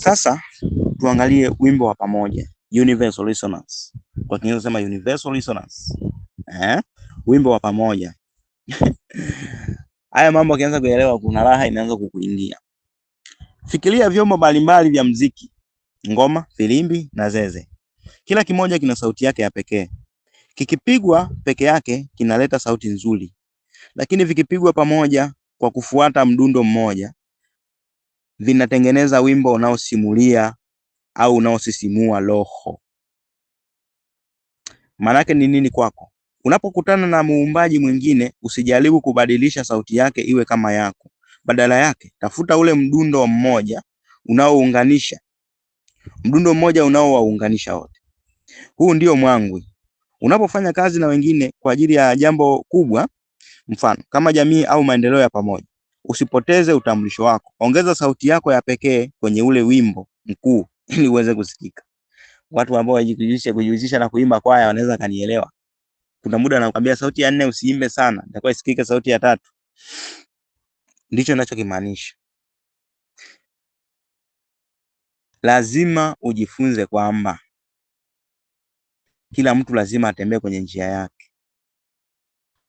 Sasa tuangalie wimbo wa pamoja universal resonance, kwa Kiingereza sema universal resonance eh, wimbo wa pamoja haya mambo akianza kuelewa, kuna raha inaanza kukuingia. Fikiria vyombo mbalimbali vya mziki: ngoma, filimbi na zeze. Kila kimoja kina sauti yake ya pekee. Kikipigwa peke yake kinaleta sauti nzuri, lakini vikipigwa pamoja kwa kufuata mdundo mmoja vinatengeneza wimbo unaosimulia au unaosisimua roho. Maanake ni nini kwako? Unapokutana na muumbaji mwingine, usijaribu kubadilisha sauti yake iwe kama yako. Badala yake, tafuta ule mdundo mmoja unaounganisha, mdundo mmoja unaowaunganisha wote. Huu ndio mwangwi. Unapofanya kazi na wengine kwa ajili ya jambo kubwa, mfano kama jamii au maendeleo ya pamoja, usipoteze utambulisho wako. Ongeza sauti yako ya pekee kwenye ule wimbo mkuu ili uweze kusikika. Watu ambao wajikujisha kujihusisha na kuimba kwaya wanaweza kanielewa. Kuna muda anakuambia sauti ya nne usiimbe sana, itakuwa isikike sauti ya tatu. Ndicho ninachokimaanisha. Lazima ujifunze kwamba kila mtu lazima atembee kwenye njia yake,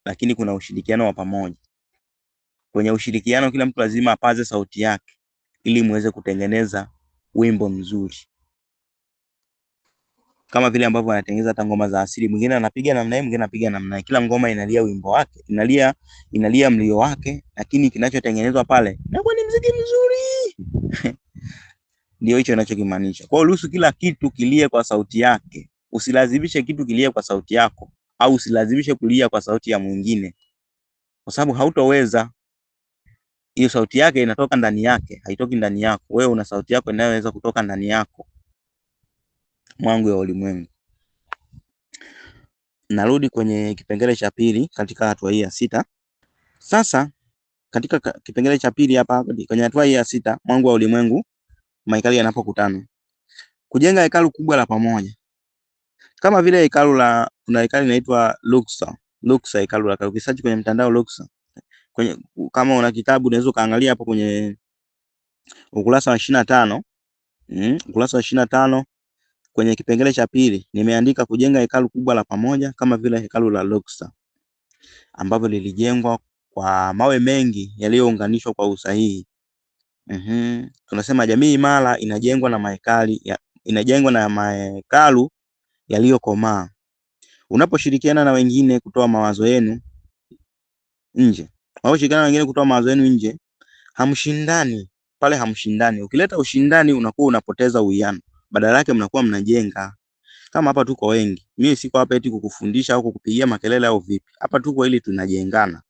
lakini kuna ushirikiano wa pamoja. Kwenye ushirikiano kila mtu lazima apaze sauti yake ili muweze kutengeneza wimbo mzuri, kama vile ambavyo anatengeneza hata ngoma za asili. Mwingine anapiga namna hii, mwingine anapiga namna hii, kila ngoma inalia wimbo wake, inalia inalia mlio wake, lakini kinachotengenezwa pale nakuwa ni mziki mzuri ndio hicho inachokimaanisha. Kwa hiyo ruhusu kila kitu kilie kwa sauti yake, usilazimishe kitu kilie kwa sauti yako, au usilazimishe kulia kwa sauti ya mwingine, kwa sababu hautoweza hiyo sauti yake inatoka ndani yake, haitoki ndani yako. Wewe una sauti yako inayoweza kutoka ndani yako, mwangu ya ulimwengu. Narudi kwenye kipengele cha pili katika hatua hii ya sita. Sasa katika kipengele cha pili hapa kwenye hatua hii ya sita, mwangu wa ulimwengu, mahekali yanapokutana, kujenga hekalu kubwa la pamoja, kama vile hekalu la kuna hekalu inaitwa Luxor Luxor hekalu la ukisearch kwenye mtandao Luxor kwenye, kama una kitabu unaweza ukaangalia hapo kwenye ukurasa wa ishirini na tano mm, ukurasa wa ishirini na tano kwenye kipengele cha pili nimeandika kujenga hekalu kubwa la pamoja kama vile hekalu la Luxor ambavyo lilijengwa kwa mawe mengi yaliyounganishwa kwa usahihi. Mm -hmm. Tunasema jamii imara inajengwa na mahekali ya, inajengwa na mahekalu yaliyokomaa. Unaposhirikiana na wengine kutoa mawazo yenu nje Mnaposhirikiana wengine kutoa mawazo yenu nje, hamshindani pale, hamshindani. Ukileta ushindani, unakuwa unapoteza uwiano, badala yake mnakuwa mnajenga. Kama hapa tuko wengi, mimi siko hapa eti kukufundisha au kukupigia makelele au vipi. Hapa tuko ili tunajengana,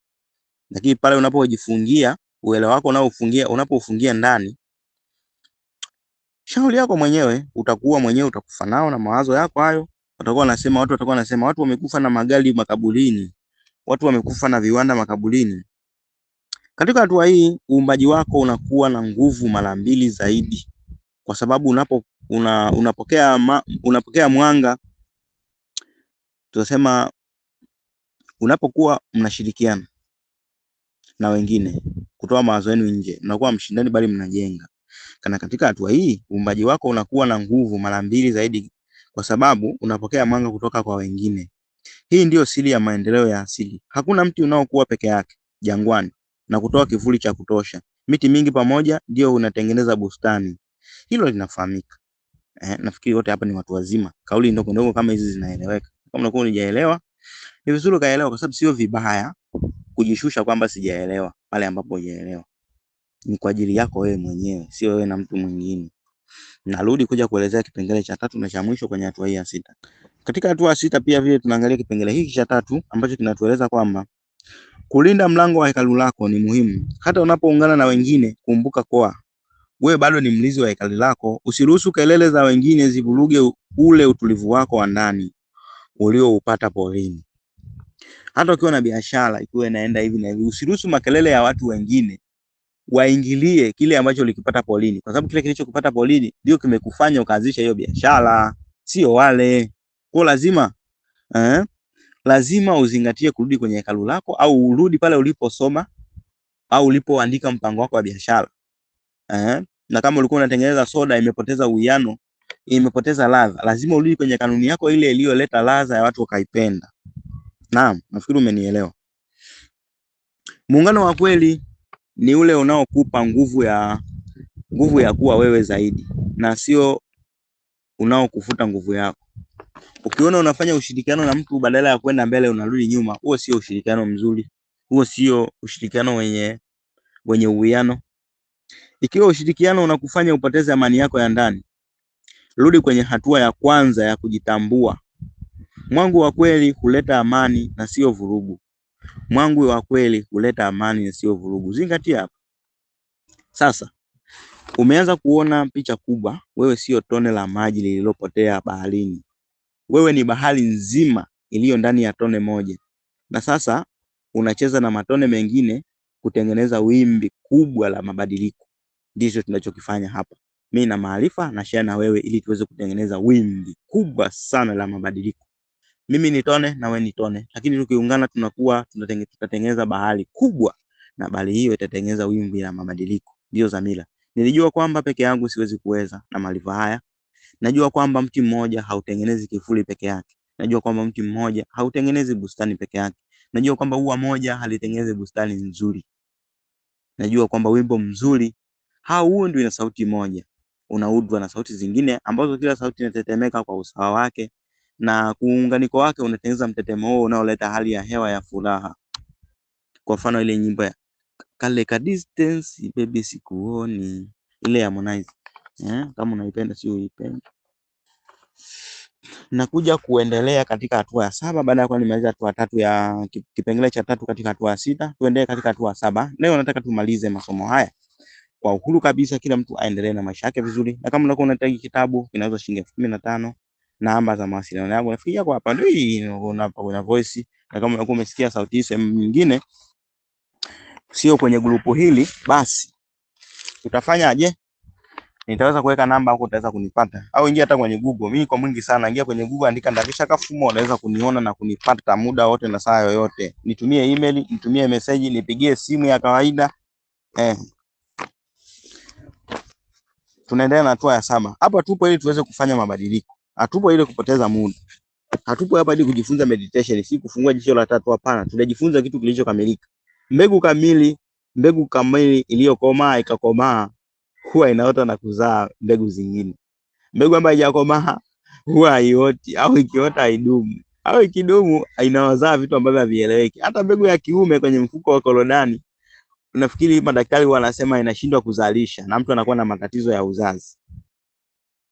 lakini pale unapojifungia uelewa wako unaofungia, unapofungia ndani shauri yako mwenyewe, utakuwa mwenyewe utakufa nao na mawazo yako hayo. Watakuwa nasema watu, watakuwa nasema watu wamekufa na magari makaburini, watu wamekufa na viwanda makaburini. Katika hatua hii uumbaji wako unakuwa na nguvu mara mbili zaidi, kwa sababu unapo, una, unapokea, ma, unapokea mwanga tunasema unapokuwa mnashirikiana na wengine kutoa mawazo yenu nje, mnakuwa mshindani bali mnajenga. Kana katika hatua hii uumbaji wako unakuwa na nguvu mara mbili zaidi, kwa sababu unapokea mwanga kutoka kwa wengine. Hii ndiyo siri ya maendeleo ya asili. Hakuna mti unaokuwa peke yake jangwani, na kutoa kivuli cha kutosha. Miti mingi pamoja ndio unatengeneza bustani. Hilo linafahamika. Eh, nafikiri wote hapa ni watu wazima. Kauli ndogo ndogo kama hizi zinaeleweka. Kama unakuwa unijaelewa, ni vizuri kaelewa kwa sababu sio vibaya kujishusha kwamba sijaelewa pale ambapo hujaelewa. Ni kwa ajili yako wewe mwenyewe, sio wewe na mtu mwingine. Narudi kuja kuelezea kipengele cha tatu na cha mwisho kwenye hatua hii ya sita. Katika hatua ya sita pia vile tunaangalia kipengele hiki cha tatu ambacho kinatueleza kwamba Kulinda mlango wa hekalu lako ni muhimu. Hata unapoungana na wengine, kumbuka kuwa wewe bado ni mlinzi wa hekalu lako. Usiruhusu kelele za wengine zivuruge ule utulivu wako wa ndani ulioupata porini. Hata ukiwa na biashara ikiwa inaenda hivi na hivi, usiruhusu makelele ya watu wengine waingilie kile ambacho ulikipata porini, kwa sababu kile kilichokupata porini ndio kimekufanya ukaanzisha hiyo biashara, sio wale. Kwa lazima eh, lazima uzingatie kurudi kwenye hekalu lako au urudi pale uliposoma au ulipoandika mpango wako wa biashara eh. Na kama ulikuwa unatengeneza soda imepoteza uwiano, imepoteza ladha, lazima urudi kwenye kanuni yako ile iliyoleta ladha ya watu wakaipenda. Naam, nafikiri umenielewa. Muungano wa kweli ni ule unaokupa nguvu ya nguvu ya kuwa wewe zaidi na sio unaokuvuta nguvu yako. Ukiona unafanya ushirikiano na mtu badala ya kwenda mbele unarudi nyuma, huo sio ushirikiano mzuri, huo sio ushirikiano wenye wenye uwiano. Ikiwa ushirikiano unakufanya upoteze amani yako ya ndani, rudi kwenye hatua ya kwanza ya kujitambua. Mwangu wa kweli huleta amani na sio vurugu. Mwangu wa kweli huleta amani na sio vurugu. Zingatia hapa sasa. Umeanza kuona picha kubwa, wewe sio tone la maji lililopotea baharini. Wewe ni bahari nzima iliyo ndani ya tone moja, na sasa unacheza na matone mengine kutengeneza wimbi kubwa la mabadiliko. Ndicho tunachokifanya hapa. Mimi na maarifa na share na wewe, ili tuweze kutengeneza wimbi kubwa sana la mabadiliko. Mimi ni tone na wewe ni tone, lakini tukiungana tunakuwa tunatengeneza bahari kubwa, na bahari hiyo itatengeneza wimbi la mabadiliko. Ndio dhamira. Nilijua kwamba peke yangu siwezi kuweza na maarifa haya. Najua kwamba mti mmoja hautengenezi kivuli peke yake. Najua kwamba mti mmoja hautengenezi bustani peke yake. Najua kwamba ua moja halitengenezi bustani nzuri. Najua kwamba wimbo mzuri hauundwi na sauti moja, unaudwa na sauti zingine ambazo kila sauti inatetemeka kwa usawa wake, na kuunganiko wake unatengeneza mtetemo huo unaoleta hali ya hewa ya furaha. Kwa mfano ile nyimbo ya Kale ka distance baby sikuoni, ile ya Harmonize eh, kama unaipenda sio uipende. Nakuja kuendelea katika hatua ya saba baada ya kuwa nimaliza hatua tatu ya kipengele cha tatu katika hatua ya sita, tuendelee katika hatua ya saba. Leo nataka tumalize masomo haya kwa uhuru kabisa, kila mtu aendelee na maisha yake vizuri, na kama unataka unahitaji kitabu kinauzwa shilingi elfu kumi na tano namba za mawasiliano yangu nafikia kwa hapa, ndio unapo na voice, na kama unakuwa umesikia sauti hii sehemu nyingine sio kwenye grupu hili, basi utafanyaje? Nitaweza kuweka namba huko, utaweza kunipata, au ingia hata kwenye Google. Mimi kwa mwingi sana, ingia kwenye Google, andika Ndakisha Kafumo, unaweza kuniona na kunipata muda wote na saa yoyote. Nitumie email, nitumie message, nipigie simu ya kawaida eh. Tunaendelea na hatua ya saba. Hapa tupo ili tuweze kufanya mabadiliko, hatupo ili kupoteza muda, hatupo hapa ili kujifunza meditation, si kufungua jicho la tatu. Hapana, tunajifunza kitu kilichokamilika. Mbegu kamili, mbegu kamili iliyokomaa ikakomaa huwa inaota na kuzaa mbegu zingine. Mbegu ambayo haijakomaa huwa haioti, au ikiota haidumu, au ikidumu inawazaa vitu ambavyo havieleweki. Hata mbegu ya kiume kwenye mfuko wa korodani, nafikiri madaktari wanasema inashindwa kuzalisha, na mtu anakuwa na matatizo ya uzazi.